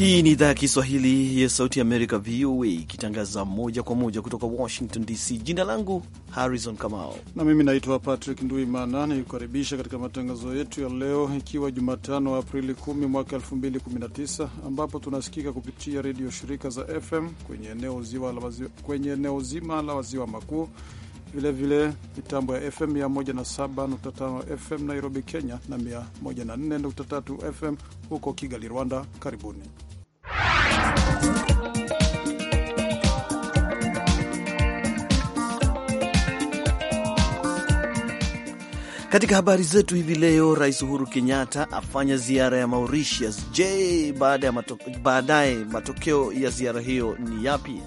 Hii ni idhaa ya Kiswahili ya Sauti ya Amerika, VOA, ikitangaza moja kwa moja kutoka Washington DC. Jina langu Harrison Kamao na mimi naitwa Patrick Nduimana, nikukaribisha katika matangazo yetu ya leo, ikiwa Jumatano Aprili 10 mwaka 2019, ambapo tunasikika kupitia redio shirika za FM kwenye eneo zima la waziwa, makuu vilevile mitambo ya FM 107.5 FM Nairobi, Kenya na 104.3 FM huko Kigali, Rwanda. Karibuni. Katika habari zetu hivi leo, Rais Uhuru Kenyatta afanya ziara ya Mauritius. Je, baadaye mato, matokeo ya ziara hiyo ni yapi?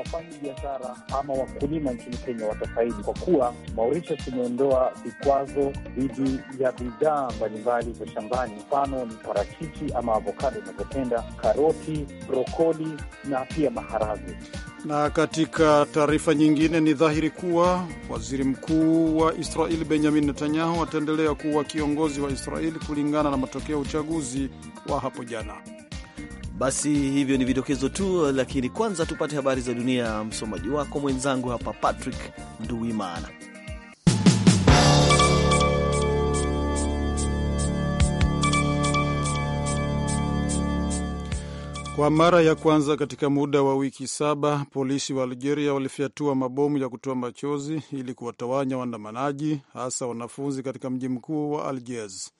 wafanya biashara ama wakulima nchini Kenya watafaidi kwa kuwa Mauritius imeondoa vikwazo dhidi ya bidhaa mbalimbali za shambani, mfano ni parachichi ama avokado inavyopenda, karoti, brokoli na pia maharage. Na katika taarifa nyingine, ni dhahiri kuwa waziri mkuu wa Israeli Benjamin Netanyahu ataendelea kuwa kiongozi wa Israeli kulingana na matokeo ya uchaguzi wa hapo jana. Basi hivyo ni vidokezo tu, lakini kwanza tupate habari za dunia. Msomaji wako mwenzangu hapa Patrick Nduwimana. Kwa mara ya kwanza katika muda wa wiki saba, polisi wa Algeria walifyatua mabomu ya kutoa machozi ili kuwatawanya waandamanaji, hasa wanafunzi katika mji mkuu wa Algiers.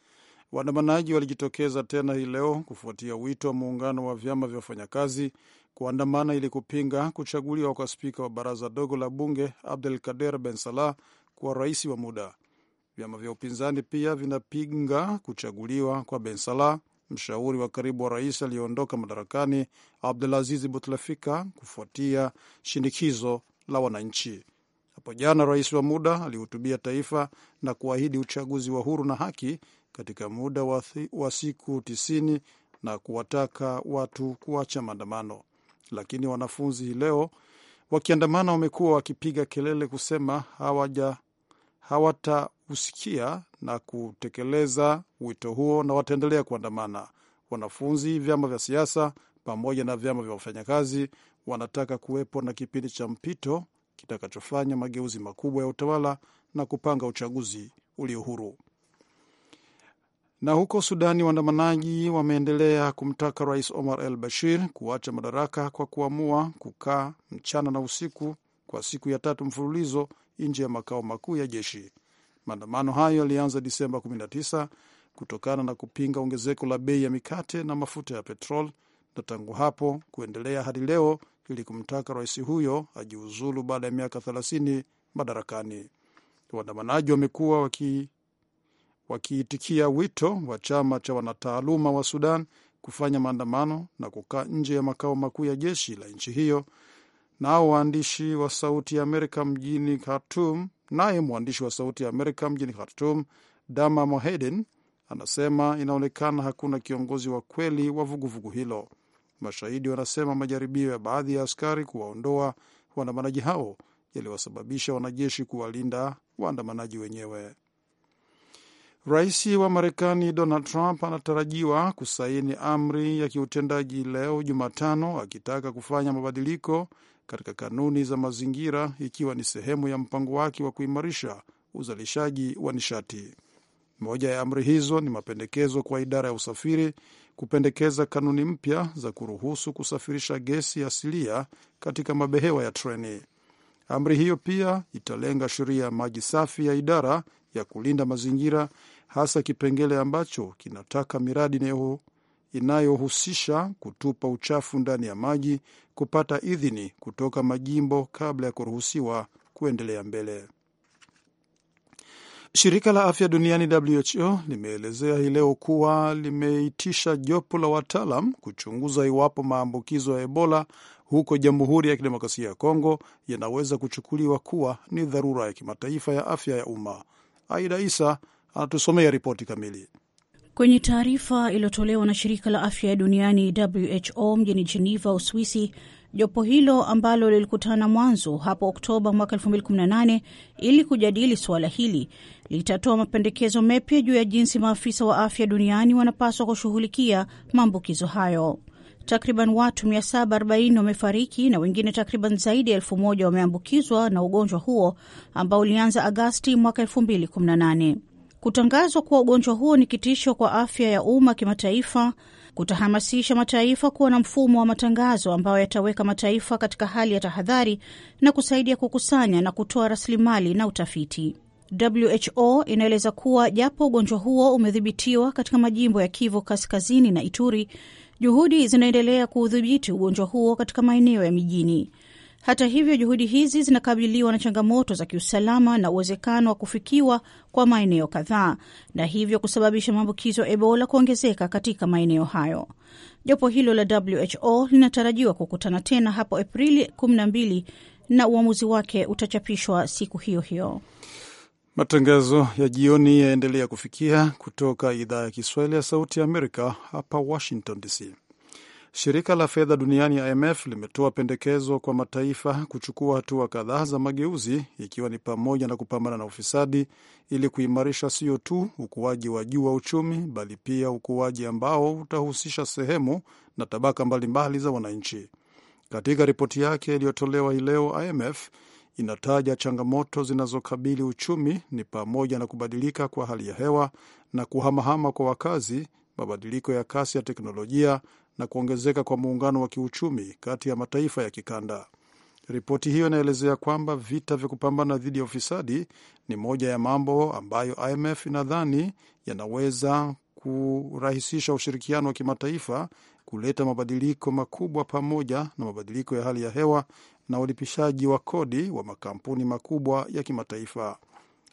Waandamanaji walijitokeza tena hii leo kufuatia wito wa muungano wa vyama vya wafanyakazi kuandamana ili kupinga kuchaguliwa kwa spika wa baraza dogo la bunge Abdel Kader Ben Salah kuwa rais wa muda. Vyama vya upinzani pia vinapinga kuchaguliwa kwa Ben Salah, mshauri wa karibu wa rais aliyeondoka madarakani Abdulaziz butlefika kufuatia shinikizo la wananchi. Hapo jana rais wa muda alihutubia taifa na kuahidi uchaguzi wa huru na haki katika muda wa, siku tisini na kuwataka watu kuacha maandamano. Lakini wanafunzi hii leo wakiandamana wamekuwa wakipiga kelele kusema hawaja hawatausikia na kutekeleza wito huo na wataendelea kuandamana. Wanafunzi, vyama vya siasa pamoja na vyama vya wafanyakazi wanataka kuwepo na kipindi cha mpito kitakachofanya mageuzi makubwa ya utawala na kupanga uchaguzi ulio huru. Na huko Sudani, waandamanaji wameendelea kumtaka Rais Omar al Bashir kuacha madaraka kwa kuamua kukaa mchana na usiku kwa siku ya tatu mfululizo nje ya makao makuu ya jeshi. Maandamano hayo yalianza Disemba 19 kutokana na kupinga ongezeko la bei ya mikate na mafuta ya petrol, na tangu hapo kuendelea hadi leo ili kumtaka rais huyo ajiuzulu baada ya miaka 30 madarakani. Waandamanaji wamekuwa waki wakiitikia wito wa chama cha wanataaluma wa Sudan kufanya maandamano na kukaa nje ya makao makuu ya jeshi la nchi hiyo. Nao waandishi wa Sauti ya Amerika mjini Khartum, naye mwandishi wa Sauti ya Amerika mjini Khartum, Dama Mohedin anasema inaonekana hakuna kiongozi wa kweli wa vuguvugu hilo. Mashahidi wanasema majaribio ya baadhi ya askari kuwaondoa waandamanaji hao yaliwasababisha wanajeshi kuwalinda waandamanaji wenyewe. Rais wa Marekani Donald Trump anatarajiwa kusaini amri ya kiutendaji leo Jumatano, akitaka kufanya mabadiliko katika kanuni za mazingira, ikiwa ni sehemu ya mpango wake wa kuimarisha uzalishaji wa nishati. Moja ya amri hizo ni mapendekezo kwa idara ya usafiri kupendekeza kanuni mpya za kuruhusu kusafirisha gesi asilia katika mabehewa ya treni. Amri hiyo pia italenga sheria ya maji safi ya idara ya kulinda mazingira, hasa kipengele ambacho kinataka miradi inayohusisha kutupa uchafu ndani ya maji kupata idhini kutoka majimbo kabla ya kuruhusiwa kuendelea mbele. Shirika la afya duniani WHO limeelezea hii leo kuwa limeitisha jopo la wataalam kuchunguza iwapo maambukizo ya Ebola huko Jamhuri ya Kidemokrasia ya Kongo yanaweza kuchukuliwa kuwa ni dharura ya kimataifa ya afya ya umma. Aida Isa anatusomea ripoti kamili. Kwenye taarifa iliyotolewa na shirika la afya duniani WHO mjini Geneva, Uswisi, Jopo hilo ambalo lilikutana mwanzo hapo Oktoba mwaka 2018 ili kujadili suala hili litatoa mapendekezo mapya juu ya jinsi maafisa wa afya duniani wanapaswa kushughulikia maambukizo hayo. Takriban watu 740 wamefariki na wengine takriban zaidi ya 1 wameambukizwa na ugonjwa huo ambao ulianza Agasti mwaka 2018. Kutangazwa kuwa ugonjwa huo ni kitisho kwa afya ya umma kimataifa kutahamasisha mataifa kuwa na mfumo wa matangazo ambayo yataweka mataifa katika hali ya tahadhari na kusaidia kukusanya na kutoa rasilimali na utafiti. WHO inaeleza kuwa japo ugonjwa huo umedhibitiwa katika majimbo ya Kivu Kaskazini na Ituri, juhudi zinaendelea kuudhibiti ugonjwa huo katika maeneo ya mijini. Hata hivyo, juhudi hizi zinakabiliwa na changamoto za kiusalama na uwezekano wa kufikiwa kwa maeneo kadhaa na hivyo kusababisha maambukizo ya Ebola kuongezeka katika maeneo hayo. Jopo hilo la WHO linatarajiwa kukutana tena hapo Aprili 12 na uamuzi wake utachapishwa siku hiyo hiyo. Matangazo ya jioni yaendelea kufikia kutoka idhaa ya Kiswahili ya Sauti ya Amerika hapa Washington DC. Shirika la fedha duniani IMF limetoa pendekezo kwa mataifa kuchukua hatua kadhaa za mageuzi, ikiwa ni pamoja na kupambana na ufisadi ili kuimarisha sio tu ukuaji wa juu wa uchumi, bali pia ukuaji ambao utahusisha sehemu na tabaka mbalimbali za wananchi. Katika ripoti yake iliyotolewa hii leo, IMF inataja changamoto zinazokabili uchumi ni pamoja na kubadilika kwa hali ya hewa na kuhamahama kwa wakazi, mabadiliko ya kasi ya teknolojia na kuongezeka kwa muungano wa kiuchumi kati ya mataifa ya kikanda. Ripoti hiyo inaelezea kwamba vita vya kupambana dhidi ya ufisadi ni moja ya mambo ambayo IMF inadhani yanaweza kurahisisha ushirikiano wa kimataifa, kuleta mabadiliko makubwa, pamoja na mabadiliko ya hali ya hewa na ulipishaji wa kodi wa makampuni makubwa ya kimataifa.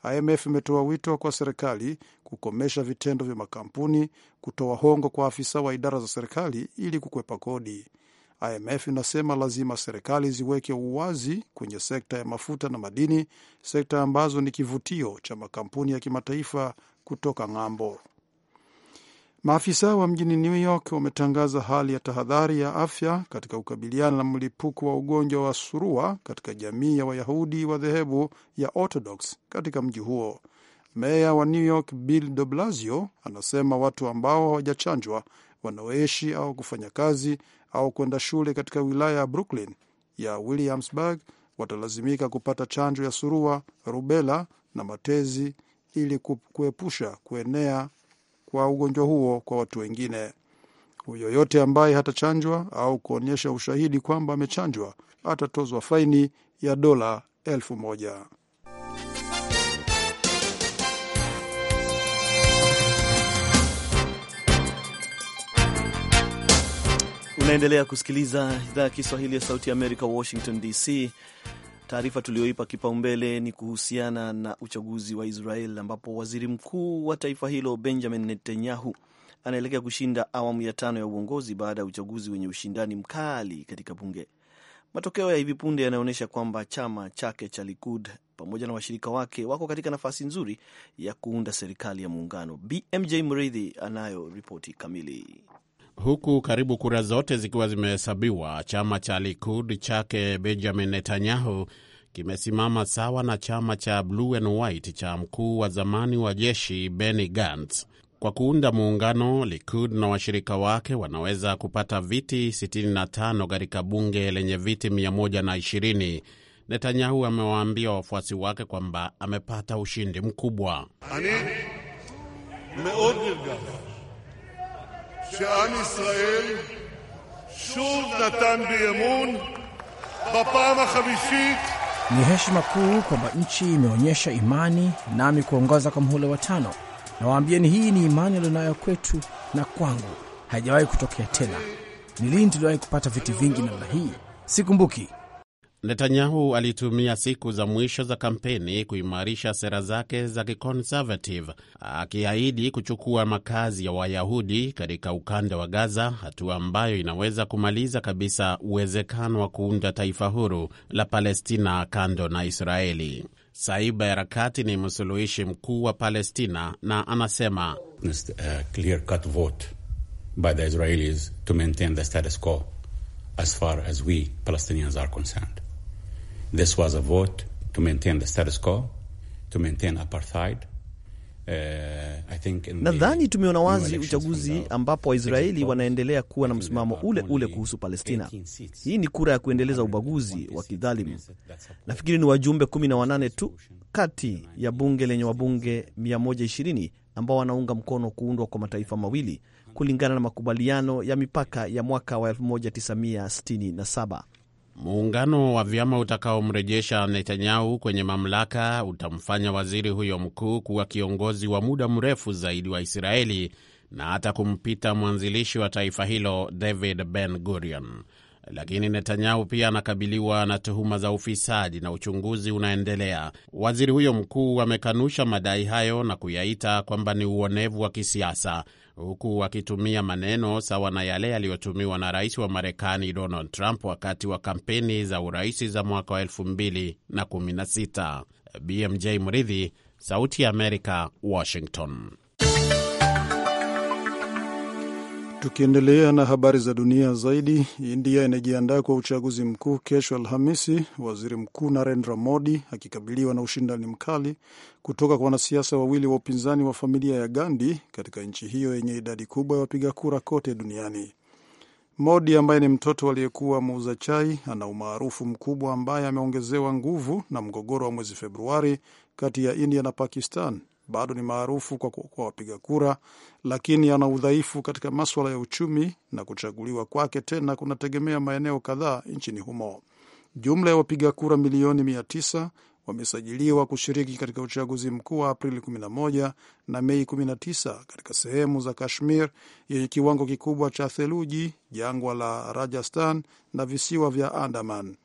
IMF imetoa wito kwa serikali kukomesha vitendo vya makampuni kutoa hongo kwa afisa wa idara za serikali ili kukwepa kodi. IMF inasema lazima serikali ziweke uwazi kwenye sekta ya mafuta na madini, sekta ambazo ni kivutio cha makampuni ya kimataifa kutoka ng'ambo. Maafisa wa mjini New York wametangaza hali ya tahadhari ya afya katika kukabiliana na mlipuko wa ugonjwa wa surua katika jamii ya Wayahudi wa dhehebu ya Orthodox katika mji huo. Meya wa New York Bill de Blasio anasema watu ambao hawajachanjwa wanaoishi au kufanya kazi au kwenda shule katika wilaya ya Brooklyn ya Williamsburg watalazimika kupata chanjo ya surua, rubela na matezi ili kuepusha kuenea kwa ugonjwa huo kwa watu wengine. yoyote ambaye hatachanjwa au kuonyesha ushahidi kwamba amechanjwa atatozwa faini ya dola elfu moja. Unaendelea kusikiliza idhaa ya Kiswahili ya Sauti ya Amerika, Washington DC. Taarifa tuliyoipa kipaumbele ni kuhusiana na uchaguzi wa Israel ambapo waziri mkuu wa taifa hilo Benjamin Netanyahu anaelekea kushinda awamu ya tano ya uongozi baada ya uchaguzi wenye ushindani mkali katika bunge. Matokeo ya hivi punde yanaonyesha kwamba chama chake cha Likud pamoja na washirika wake wako katika nafasi nzuri ya kuunda serikali ya muungano. BMJ Mridhi anayo ripoti kamili. Huku karibu kura zote zikiwa zimehesabiwa, chama cha Likud chake Benjamin Netanyahu kimesimama sawa na chama cha Blue and White cha mkuu wa zamani wa jeshi Benny Gantz. Kwa kuunda muungano, Likud na washirika wake wanaweza kupata viti 65 katika bunge lenye viti 120. Netanyahu amewaambia wafuasi wake kwamba amepata ushindi mkubwa. Ani, שעם ישראל שוב נתן בי אמון בפעם החמישית. Ni heshima kuu kwamba nchi imeonyesha imani nami kuongoza kwa mhula wa tano. Nawaambieni, hii ni imani alionayo kwetu na kwangu, haijawahi kutokea tena. Ni lini tuliwahi kupata viti vingi namna hii? Sikumbuki. Netanyahu alitumia siku za mwisho za kampeni kuimarisha sera zake za kiconservative, akiahidi kuchukua makazi ya Wayahudi katika ukanda wa Gaza, hatua ambayo inaweza kumaliza kabisa uwezekano wa kuunda taifa huru la Palestina kando na Israeli. Saiba Harakati ni msuluhishi mkuu wa Palestina na anasema as far as we Palestinians are concerned. This was a vote to maintain the status quo, to maintain apartheid. Uh, nadhani tumeona wazi uchaguzi ambapo Waisraeli wanaendelea kuwa na msimamo ule ule kuhusu Palestina. Hii ni kura ya kuendeleza ubaguzi wa kidhalimu. Nafikiri ni wajumbe 18 tu kati ya bunge lenye wabunge 120 ambao wanaunga mkono kuundwa kwa mataifa mawili kulingana na makubaliano ya mipaka ya mwaka wa 1967. Muungano wa vyama utakaomrejesha Netanyahu kwenye mamlaka utamfanya waziri huyo mkuu kuwa kiongozi wa muda mrefu zaidi wa Israeli na hata kumpita mwanzilishi wa taifa hilo David Ben Gurion. Lakini Netanyahu pia anakabiliwa na tuhuma za ufisadi na uchunguzi unaendelea. Waziri huyo mkuu amekanusha madai hayo na kuyaita kwamba ni uonevu wa kisiasa huku wakitumia maneno sawa na yale yaliyotumiwa na rais wa Marekani Donald Trump wakati wa kampeni za urais za mwaka wa 2016. BMJ Mridhi, Sauti ya Amerika, Washington. Tukiendelea na habari za dunia zaidi, India inajiandaa kwa uchaguzi mkuu kesho Alhamisi, waziri mkuu Narendra Modi akikabiliwa na ushindani mkali kutoka kwa wanasiasa wawili wa upinzani wa familia ya Gandhi katika nchi hiyo yenye idadi kubwa ya wapiga kura kote duniani. Modi ambaye ni mtoto aliyekuwa muuza chai ana umaarufu mkubwa ambaye ameongezewa nguvu na mgogoro wa mwezi Februari kati ya India na Pakistan bado ni maarufu kwa, kwa wapiga kura, lakini ana udhaifu katika maswala ya uchumi na kuchaguliwa kwake tena kunategemea maeneo kadhaa nchini humo. Jumla ya wapiga kura milioni tisa wamesajiliwa kushiriki katika uchaguzi mkuu wa Aprili 11 na Mei 19 katika sehemu za Kashmir yenye kiwango kikubwa cha theluji, jangwa la Rajasthan na visiwa vya Andaman.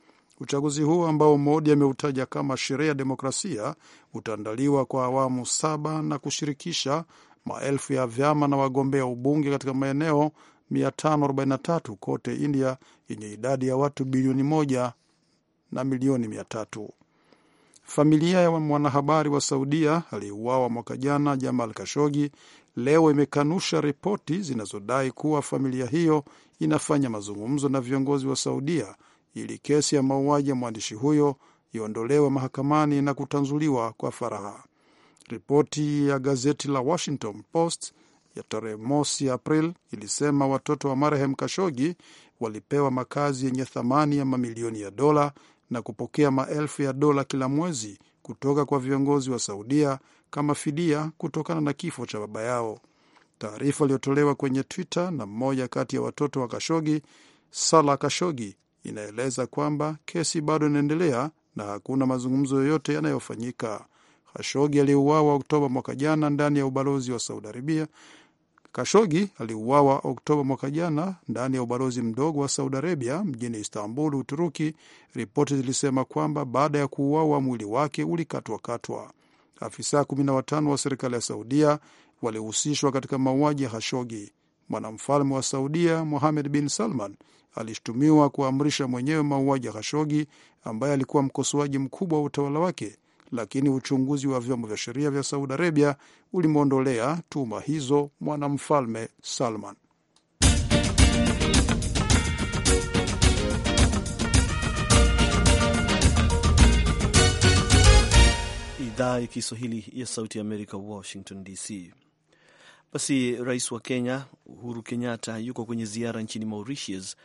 Uchaguzi huo ambao Modi ameutaja kama sherehe ya demokrasia utaandaliwa kwa awamu saba na kushirikisha maelfu ya vyama na wagombea ubunge katika maeneo 543 kote India yenye idadi ya watu bilioni moja na milioni mia tatu. Familia ya mwanahabari wa Saudia aliyeuawa mwaka jana Jamal Kashogi leo imekanusha ripoti zinazodai kuwa familia hiyo inafanya mazungumzo na viongozi wa Saudia ili kesi ya mauaji ya mwandishi huyo iondolewe mahakamani na kutanzuliwa kwa faraha. Ripoti ya gazeti la Washington Post ya tarehe mosi April ilisema watoto wa marehemu Kashogi walipewa makazi yenye thamani ya mamilioni ya dola na kupokea maelfu ya dola kila mwezi kutoka kwa viongozi wa Saudia kama fidia kutokana na kifo cha baba yao. Taarifa iliyotolewa kwenye Twitter na mmoja kati ya watoto wa Kashogi, Sala Kashogi, inaeleza kwamba kesi bado inaendelea na hakuna mazungumzo yoyote yanayofanyika. Khashogi aliuawa Oktoba mwaka jana ndani ya ubalozi wa Saudi Arabia. Kashogi aliuawa Oktoba mwaka jana ndani ya ubalozi mdogo wa Saudi Arabia mjini Istanbul, Uturuki. Ripoti zilisema kwamba baada ya kuuawa mwili wake ulikatwakatwa. Afisa 15 wa serikali ya Saudia walihusishwa katika mauaji ya Hashogi. Mwanamfalme wa Saudia Mohamed bin Salman alishutumiwa kuamrisha mwenyewe mauaji ya Khashogi ambaye alikuwa mkosoaji mkubwa wa utawala wake, lakini uchunguzi wa vyombo vya sheria vya Saudi Arabia ulimwondolea tuma hizo mwanamfalme Salman. Idhaa ya Kiswahili ya Sauti ya Amerika, Washington DC. Basi rais wa Kenya Uhuru Kenyatta yuko kwenye ziara nchini Mauritius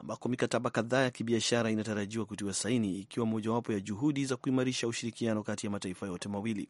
ambako mikataba kadhaa ya kibiashara inatarajiwa kutiwa saini ikiwa mojawapo ya juhudi za kuimarisha ushirikiano kati ya mataifa yote mawili.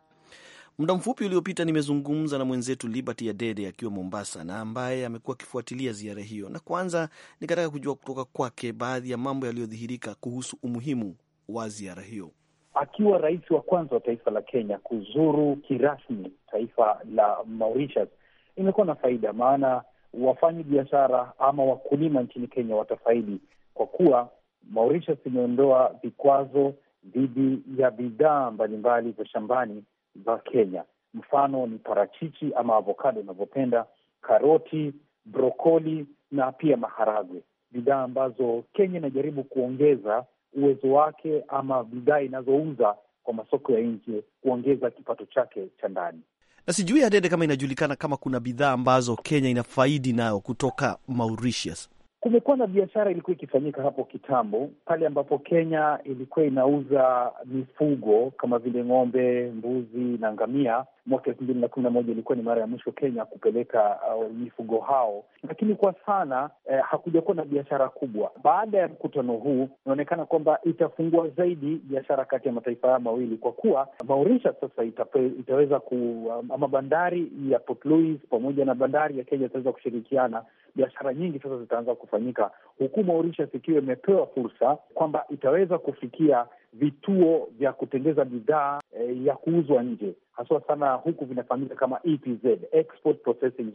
Muda mfupi uliopita nimezungumza na mwenzetu Liberty Adede akiwa Mombasa na ambaye amekuwa akifuatilia ziara hiyo, na kwanza nikataka kujua kutoka kwake baadhi ya mambo yaliyodhihirika kuhusu umuhimu wa ziara hiyo. Akiwa rais wa kwanza wa taifa la Kenya kuzuru kirasmi taifa la Mauritius, imekuwa na faida maana wafanyi biashara ama wakulima nchini Kenya watafaidi kwa kuwa Mauritius imeondoa vikwazo dhidi ya bidhaa mbalimbali za shambani za Kenya. Mfano ni parachichi ama avokado inavyopenda, karoti, brokoli na pia maharagwe, bidhaa ambazo Kenya inajaribu kuongeza uwezo wake ama bidhaa inazouza kwa masoko ya nje, kuongeza kipato chake cha ndani na sijui Adede, kama inajulikana kama kuna bidhaa ambazo Kenya inafaidi nayo kutoka Mauritius kumekuwa na biashara ilikuwa ikifanyika hapo kitambo, pale ambapo Kenya ilikuwa inauza mifugo kama vile ng'ombe, mbuzi na ngamia. Mwaka elfu mbili na kumi na moja ilikuwa ni mara ya mwisho Kenya kupeleka uh, mifugo hao, lakini kwa sana eh, hakujakuwa na biashara kubwa. Baada ya mkutano huu, inaonekana kwamba itafungua zaidi biashara kati ya mataifa haya mawili, kwa kuwa Mauritius sasa itape, itaweza ku um, ama bandari ya Port Louis pamoja na bandari ya Kenya itaweza kushirikiana. Biashara nyingi sasa zitaanza kufanyika, huku Mauritius ikiwa imepewa fursa kwamba itaweza kufikia vituo vya kutengeza bidhaa e, ya kuuzwa nje haswa sana huku vinafahamika kama EPZ, Export Processing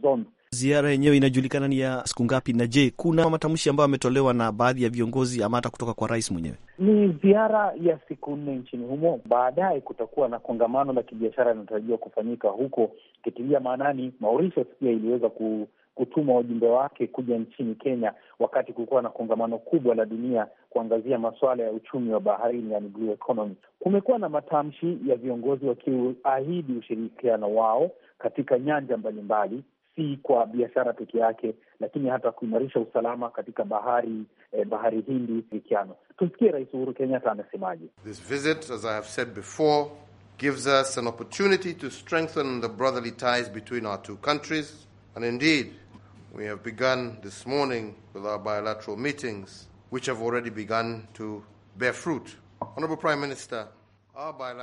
Ziara yenyewe inajulikana ni ya siku ngapi? Na je, kuna matamshi ambayo ametolewa na baadhi ya viongozi ama hata kutoka kwa rais mwenyewe? Ni ziara ya siku nne nchini humo. Baadaye kutakuwa na kongamano la kibiashara inatarajiwa kufanyika huko, kitilia maanani Mauritius pia iliweza ku kutuma wajumbe wake kuja nchini Kenya wakati kulikuwa na kongamano kubwa la dunia kuangazia masuala ya uchumi wa baharini, yani blue economy. Kumekuwa na matamshi ya viongozi wakiahidi ushirikiano wao katika nyanja mbalimbali, si kwa biashara peke yake, lakini hata kuimarisha usalama katika bahari eh, bahari Hindi. Ushirikiano, tumsikie Rais Uhuru Kenyatta anasemaje. This visit as I have said before gives us an opportunity to strengthen the brotherly ties between our two countries and indeed We have begun this morning with our bilateral meetings, which have already begun to bear fruit. Honorable Prime Minister,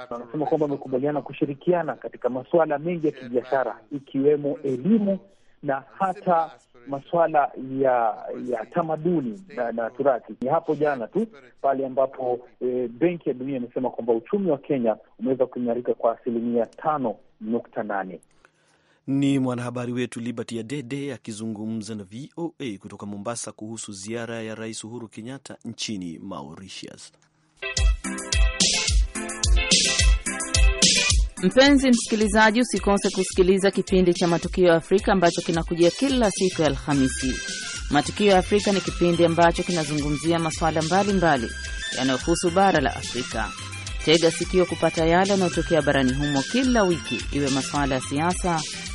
wanasema kwamba wamekubaliana kushirikiana katika masuala mengi ya kibiashara ikiwemo elimu na hata masuala ya ya tamaduni na, na turathi. Ni hapo jana tu pale ambapo e, Benki ya Dunia imesema kwamba uchumi wa Kenya umeweza kuimarika kwa asilimia tano nukta nane. Ni mwanahabari wetu Liberty Adede akizungumza na VOA kutoka Mombasa kuhusu ziara ya Rais Uhuru Kenyatta nchini Mauritius. Mpenzi msikilizaji, usikose kusikiliza kipindi cha Matukio ya Afrika ambacho kinakujia kila siku ya Alhamisi. Matukio ya Afrika ni kipindi ambacho kinazungumzia masuala mbalimbali yanayohusu bara la Afrika. Tega sikio kupata yale yanayotokea barani humo kila wiki, iwe masuala ya siasa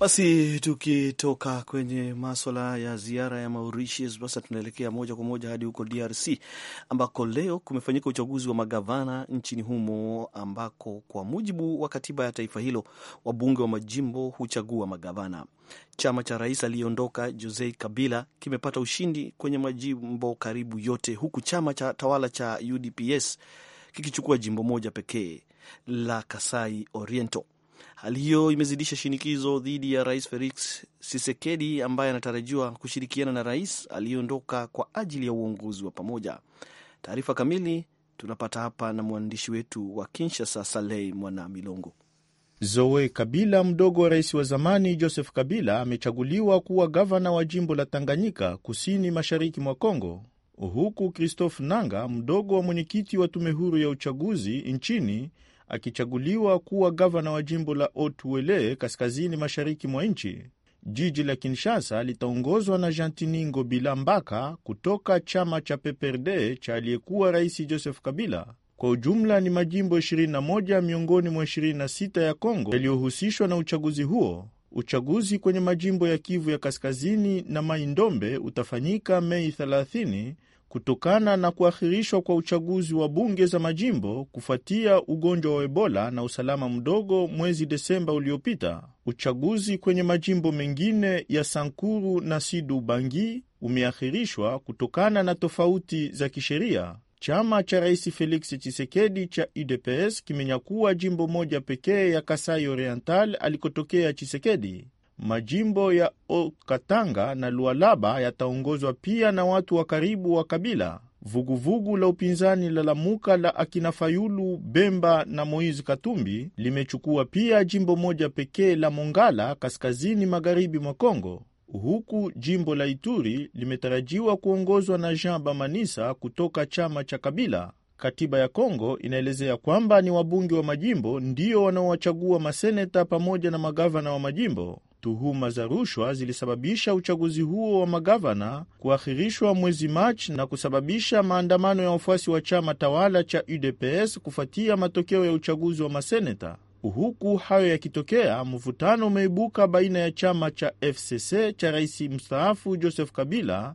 Basi tukitoka kwenye maswala ya ziara ya Mauritius, basi tunaelekea moja kwa moja hadi huko DRC ambako leo kumefanyika uchaguzi wa magavana nchini humo, ambako kwa mujibu wa katiba ya taifa hilo wabunge wa majimbo huchagua magavana. Chama cha rais aliyeondoka Jose Kabila kimepata ushindi kwenye majimbo karibu yote, huku chama cha tawala cha UDPS kikichukua jimbo moja pekee la Kasai Oriental. Hali hiyo imezidisha shinikizo dhidi ya Rais Felix Tshisekedi ambaye anatarajiwa kushirikiana na rais aliyeondoka kwa ajili ya uongozi wa pamoja. Taarifa kamili tunapata hapa na mwandishi wetu wa Kinshasa, Salei Mwana Milongo. Zoe Kabila, mdogo wa rais wa zamani Joseph Kabila, amechaguliwa kuwa gavana wa jimbo la Tanganyika, kusini mashariki mwa congo huku Christophe Nanga, mdogo wa mwenyekiti wa tume huru ya uchaguzi nchini akichaguliwa kuwa gavana wa jimbo la Otuele kaskazini mashariki mwa nchi. Jiji la Kinshasa litaongozwa na Jantini Ngobila Mbaka kutoka chama cha PPRD cha aliyekuwa rais Joseph Kabila. Kwa ujumla ni majimbo 21 miongoni mwa 26 ya Kongo yaliyohusishwa na uchaguzi huo. Uchaguzi kwenye majimbo ya Kivu ya kaskazini na maindombe utafanyika Mei 30 kutokana na kuahirishwa kwa uchaguzi wa bunge za majimbo kufuatia ugonjwa wa Ebola na usalama mdogo mwezi Desemba uliopita, uchaguzi kwenye majimbo mengine ya Sankuru na Sidu Bangi umeahirishwa kutokana na tofauti za kisheria. Chama cha Rais Felix chisekedi cha UDPS kimenyakuwa jimbo moja pekee ya Kasai Oriental alikotokea chisekedi Majimbo ya Okatanga na Lualaba yataongozwa pia na watu wa karibu wa kabila. Vuguvugu vugu la upinzani la Lamuka la akina Fayulu Bemba na Moizi Katumbi limechukua pia jimbo moja pekee la Mongala kaskazini magharibi mwa Kongo, huku jimbo la Ituri limetarajiwa kuongozwa na Jean Bamanisa kutoka chama cha Kabila. Katiba ya Kongo inaelezea kwamba ni wabunge wa majimbo ndiyo wanaowachagua maseneta pamoja na magavana wa majimbo. Tuhuma za rushwa zilisababisha uchaguzi huo wa magavana kuahirishwa mwezi Machi na kusababisha maandamano ya wafuasi wa chama tawala cha UDPS kufuatia matokeo ya uchaguzi wa maseneta. Huku hayo yakitokea, mvutano umeibuka baina ya chama cha FCC cha rais mstaafu Joseph Kabila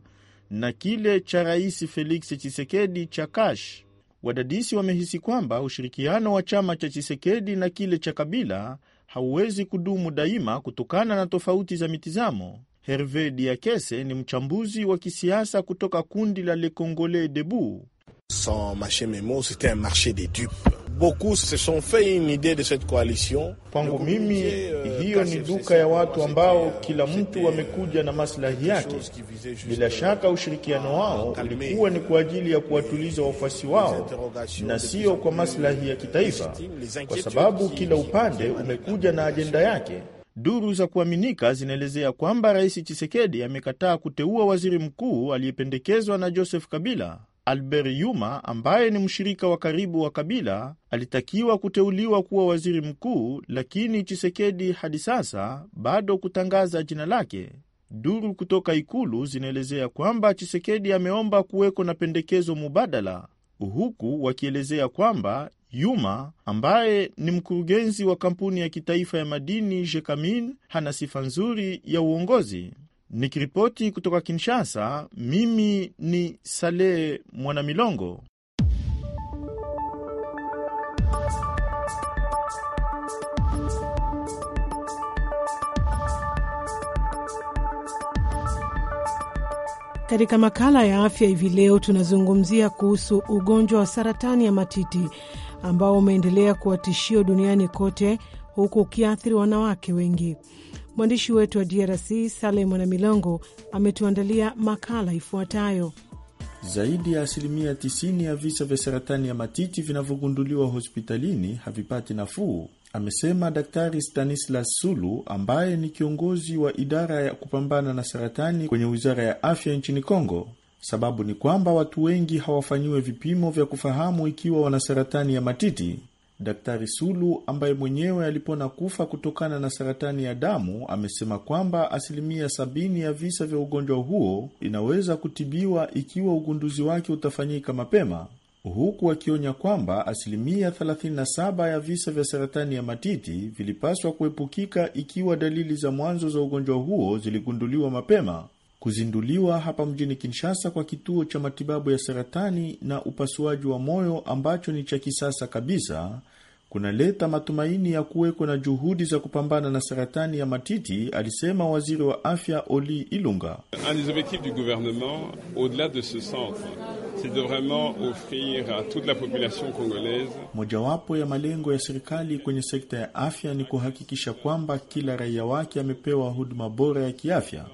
na kile cha rais Felix chisekedi cha Kash. Wadadisi wamehisi kwamba ushirikiano wa chama cha chisekedi na kile cha Kabila hauwezi kudumu daima kutokana na tofauti za mitizamo. Herve Diakese ni mchambuzi wa kisiasa kutoka kundi la Le Congolais Debout. Sans marché Memo, c'était un marché des dupes. Beaucoup se sont fait une idée de cette coalition. Kwangu mimi euh, hiyo ni duka ya watu ambao euh, kila mtu amekuja na maslahi yake. Bila euh, shaka ushirikiano wao ulikuwa ni kwa ajili ya kuwatuliza wafuasi wao na sio kwa maslahi ya kitaifa, kwa sababu kila upande umekuja na ajenda yake. Duru za kuaminika zinaelezea kwamba Rais Chisekedi amekataa kuteua waziri mkuu aliyependekezwa na Joseph Kabila. Albert Yuma ambaye ni mshirika wa karibu wa Kabila alitakiwa kuteuliwa kuwa waziri mkuu, lakini Chisekedi hadi sasa bado kutangaza jina lake. Duru kutoka ikulu zinaelezea kwamba Chisekedi ameomba kuweko na pendekezo mubadala, huku wakielezea kwamba Yuma ambaye ni mkurugenzi wa kampuni ya kitaifa ya madini Jekamin hana sifa nzuri ya uongozi. Nikiripoti kutoka Kinshasa, mimi ni Saleh Mwanamilongo. Katika makala ya afya hivi leo tunazungumzia kuhusu ugonjwa wa saratani ya matiti ambao umeendelea kuwa tishio duniani kote, huku ukiathiri wanawake wengi. Mwandishi wetu wa DRC Sale na Milongo ametuandalia makala ifuatayo. Zaidi ya asilimia 90 ya visa vya saratani ya matiti vinavyogunduliwa hospitalini havipati nafuu, amesema Daktari Stanislas Sulu ambaye ni kiongozi wa idara ya kupambana na saratani kwenye wizara ya afya nchini Kongo. Sababu ni kwamba watu wengi hawafanyiwe vipimo vya kufahamu ikiwa wana saratani ya matiti. Daktari Sulu ambaye mwenyewe alipona kufa kutokana na saratani ya damu amesema kwamba asilimia sabini ya visa vya ugonjwa huo inaweza kutibiwa ikiwa ugunduzi wake utafanyika mapema, huku akionya kwamba asilimia 37 ya visa vya saratani ya matiti vilipaswa kuepukika ikiwa dalili za mwanzo za ugonjwa huo ziligunduliwa mapema kuzinduliwa hapa mjini Kinshasa kwa kituo cha matibabu ya saratani na upasuaji wa moyo ambacho ni cha kisasa kabisa kunaleta matumaini ya kuwekwa na juhudi za kupambana na saratani ya matiti, alisema waziri wa afya Oli Ilunga. Un des objectifs du gouvernement au de ce de vraiment offrir toute la population Mojawapo ya malengo ya serikali kwenye sekta ya afya ni kuhakikisha kwamba kila raia wake amepewa huduma bora ya kiafya.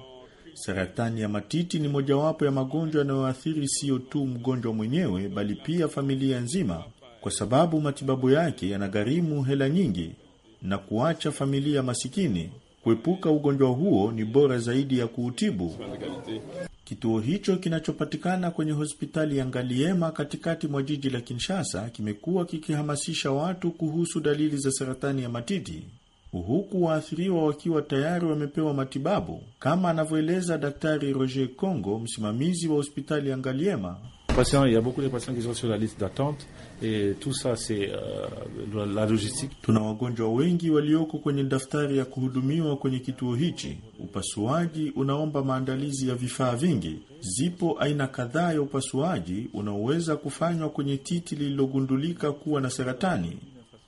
Saratani ya matiti ni mojawapo ya magonjwa yanayoathiri siyo tu mgonjwa mwenyewe bali pia familia nzima, kwa sababu matibabu yake yanagharimu hela nyingi na kuacha familia masikini. Kuepuka ugonjwa huo ni bora zaidi ya kuutibu. Kituo hicho kinachopatikana kwenye hospitali ya Ngaliema katikati mwa jiji la Kinshasa kimekuwa kikihamasisha watu kuhusu dalili za saratani ya matiti huku waathiriwa wakiwa tayari wamepewa matibabu, kama anavyoeleza Daktari Roger Congo, msimamizi wa hospitali ya Ngaliema. Euh, Tuna wagonjwa wengi walioko kwenye daftari ya kuhudumiwa kwenye kituo hichi. Upasuaji unaomba maandalizi ya vifaa vingi. Zipo aina kadhaa ya upasuaji unaoweza kufanywa kwenye titi lililogundulika kuwa na saratani.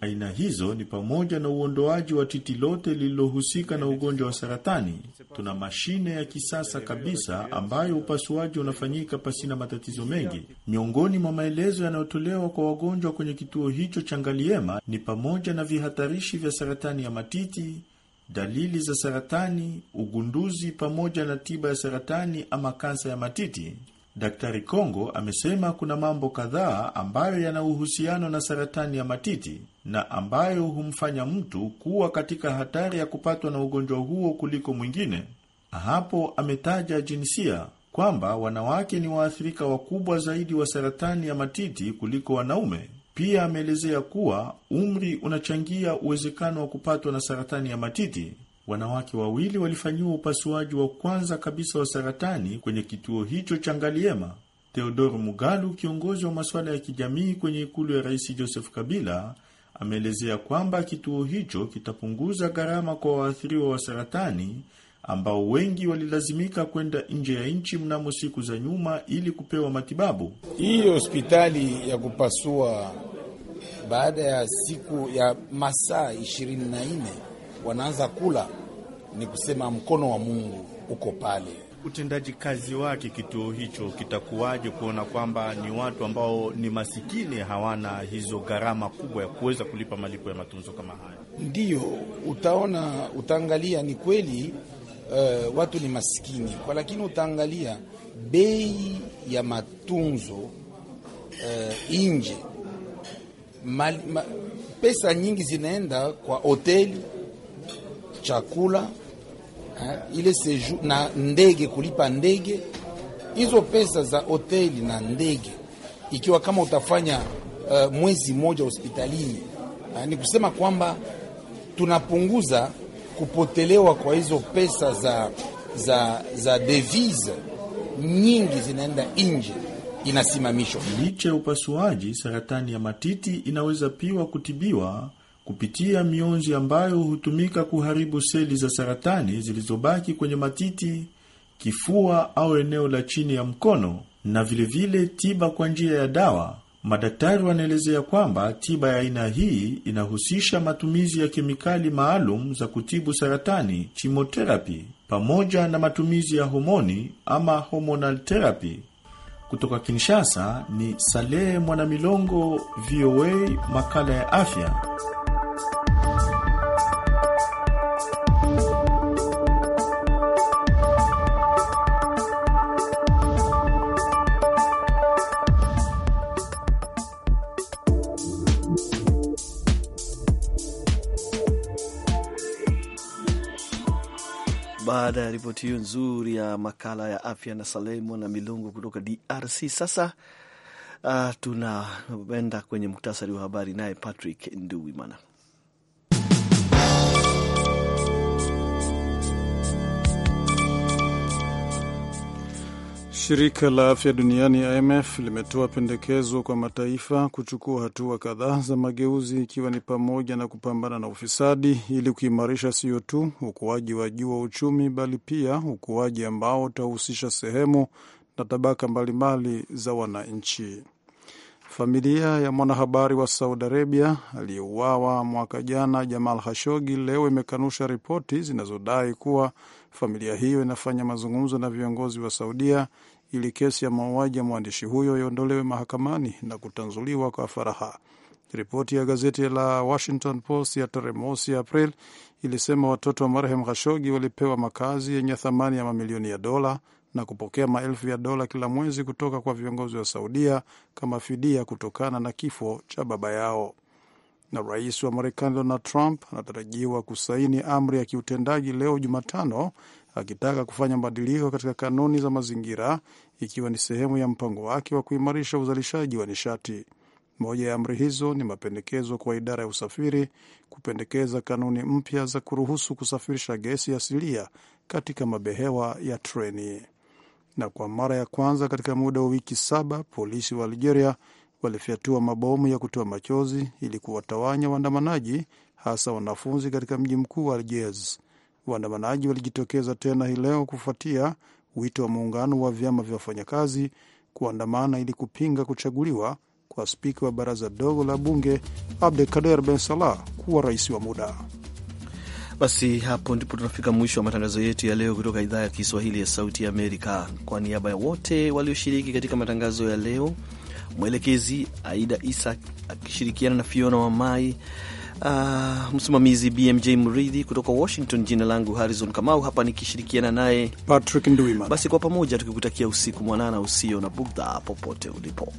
Aina hizo ni pamoja na uondoaji wa titi lote lililohusika na ugonjwa wa saratani. Tuna mashine ya kisasa kabisa ambayo upasuaji unafanyika pasina matatizo mengi. Miongoni mwa maelezo yanayotolewa kwa wagonjwa kwenye kituo hicho cha Ngaliema ni pamoja na vihatarishi vya saratani ya matiti, dalili za saratani, ugunduzi pamoja na tiba ya saratani ama kansa ya matiti. Daktari Kongo amesema kuna mambo kadhaa ambayo yana uhusiano na saratani ya matiti na ambayo humfanya mtu kuwa katika hatari ya kupatwa na ugonjwa huo kuliko mwingine. Hapo ametaja jinsia kwamba wanawake ni waathirika wakubwa zaidi wa saratani ya matiti kuliko wanaume. Pia ameelezea kuwa umri unachangia uwezekano wa kupatwa na saratani ya matiti. Wanawake wawili walifanyiwa upasuaji wa kwanza kabisa wa saratani kwenye kituo hicho cha Ngaliema. Theodoro Mugalu, kiongozi wa masuala ya kijamii kwenye ikulu ya Rais Joseph Kabila, ameelezea kwamba kituo hicho kitapunguza gharama kwa waathiriwa wa saratani ambao wengi walilazimika kwenda nje ya nchi mnamo siku za nyuma ili kupewa matibabu. Hii hospitali ya kupasua baada ya siku ya masaa ishirini na nne wanaanza kula, ni kusema mkono wa Mungu uko pale utendaji kazi wake kituo hicho kitakuwaje, kuona kwamba ni watu ambao ni masikini hawana hizo gharama kubwa ya kuweza kulipa malipo ya matunzo kama haya? Ndiyo, utaona utaangalia, ni kweli uh, watu ni masikini kwa, lakini utaangalia bei ya matunzo uh, nje ma, pesa nyingi zinaenda kwa hoteli, chakula eh, ile sejour na ndege, kulipa ndege, hizo pesa za hoteli na ndege, ikiwa kama utafanya uh, mwezi mmoja hospitalini, ni kusema kwamba tunapunguza kupotelewa kwa hizo pesa za, za, za devise nyingi zinaenda nje inasimamishwa. Licha ya upasuaji, saratani ya matiti inaweza piwa kutibiwa kupitia mionzi ambayo hutumika kuharibu seli za saratani zilizobaki kwenye matiti, kifua au eneo la chini ya mkono, na vilevile vile tiba kwa njia ya dawa. Madaktari wanaelezea kwamba tiba ya aina hii inahusisha matumizi ya kemikali maalum za kutibu saratani, chemotherapy, pamoja na matumizi ya homoni ama hormonal therapy. Kutoka Kinshasa ni Salehe Mwanamilongo, VOA, makala ya afya. baada ya ripoti hiyo nzuri ya makala ya afya na Salemu na Milongo kutoka DRC. Sasa uh, tunaenda kwenye muktasari wa habari naye Patrick Nduwimana. Shirika la afya duniani IMF limetoa pendekezo kwa mataifa kuchukua hatua kadhaa za mageuzi, ikiwa ni pamoja na kupambana na ufisadi ili kuimarisha sio tu ukuaji wa juu wa uchumi, bali pia ukuaji ambao utahusisha sehemu na tabaka mbalimbali za wananchi. Familia ya mwanahabari wa Saudi Arabia aliyeuawa mwaka jana Jamal Khashoggi leo imekanusha ripoti zinazodai kuwa Familia hiyo inafanya mazungumzo na viongozi wa Saudia ili kesi ya mauaji ya mwandishi huyo iondolewe mahakamani na kutanzuliwa kwa faraha. Ripoti ya gazeti la Washington Post ya tarehe mosi April ilisema watoto wa marehemu Khashogi walipewa makazi yenye thamani ya mamilioni ya dola na kupokea maelfu ya dola kila mwezi kutoka kwa viongozi wa Saudia kama fidia kutokana na kifo cha baba yao na rais wa Marekani Donald Trump anatarajiwa kusaini amri ya kiutendaji leo Jumatano, akitaka kufanya mabadiliko katika kanuni za mazingira, ikiwa ni sehemu ya mpango wake wa kuimarisha uzalishaji wa nishati. Moja ya amri hizo ni mapendekezo kwa idara ya usafiri kupendekeza kanuni mpya za kuruhusu kusafirisha gesi asilia katika mabehewa ya treni. Na kwa mara ya kwanza katika muda wa wiki saba polisi wa Algeria walifyatua mabomu ya kutoa machozi ili kuwatawanya waandamanaji, hasa wanafunzi katika mji mkuu wa Algiers. Waandamanaji walijitokeza tena hii leo kufuatia wito wa muungano wa vyama vya wafanyakazi kuandamana ili kupinga kuchaguliwa kwa spika wa baraza dogo la bunge Abdekader Ben Salah kuwa rais wa muda. Basi hapo ndipo tunafika mwisho wa matangazo yetu ya leo kutoka idhaa ya Kiswahili ya Sauti ya Amerika. Kwa niaba ya wote walioshiriki katika matangazo ya leo mwelekezi Aida Isa akishirikiana na Fiona wa Mai. Uh, ah, msimamizi BMJ Mridhi kutoka Washington. Jina langu Harrison Kamau, hapa nikishirikiana naye Patrick Nduima. Basi kwa pamoja tukikutakia usiku mwanana usio na bugdha popote ulipo.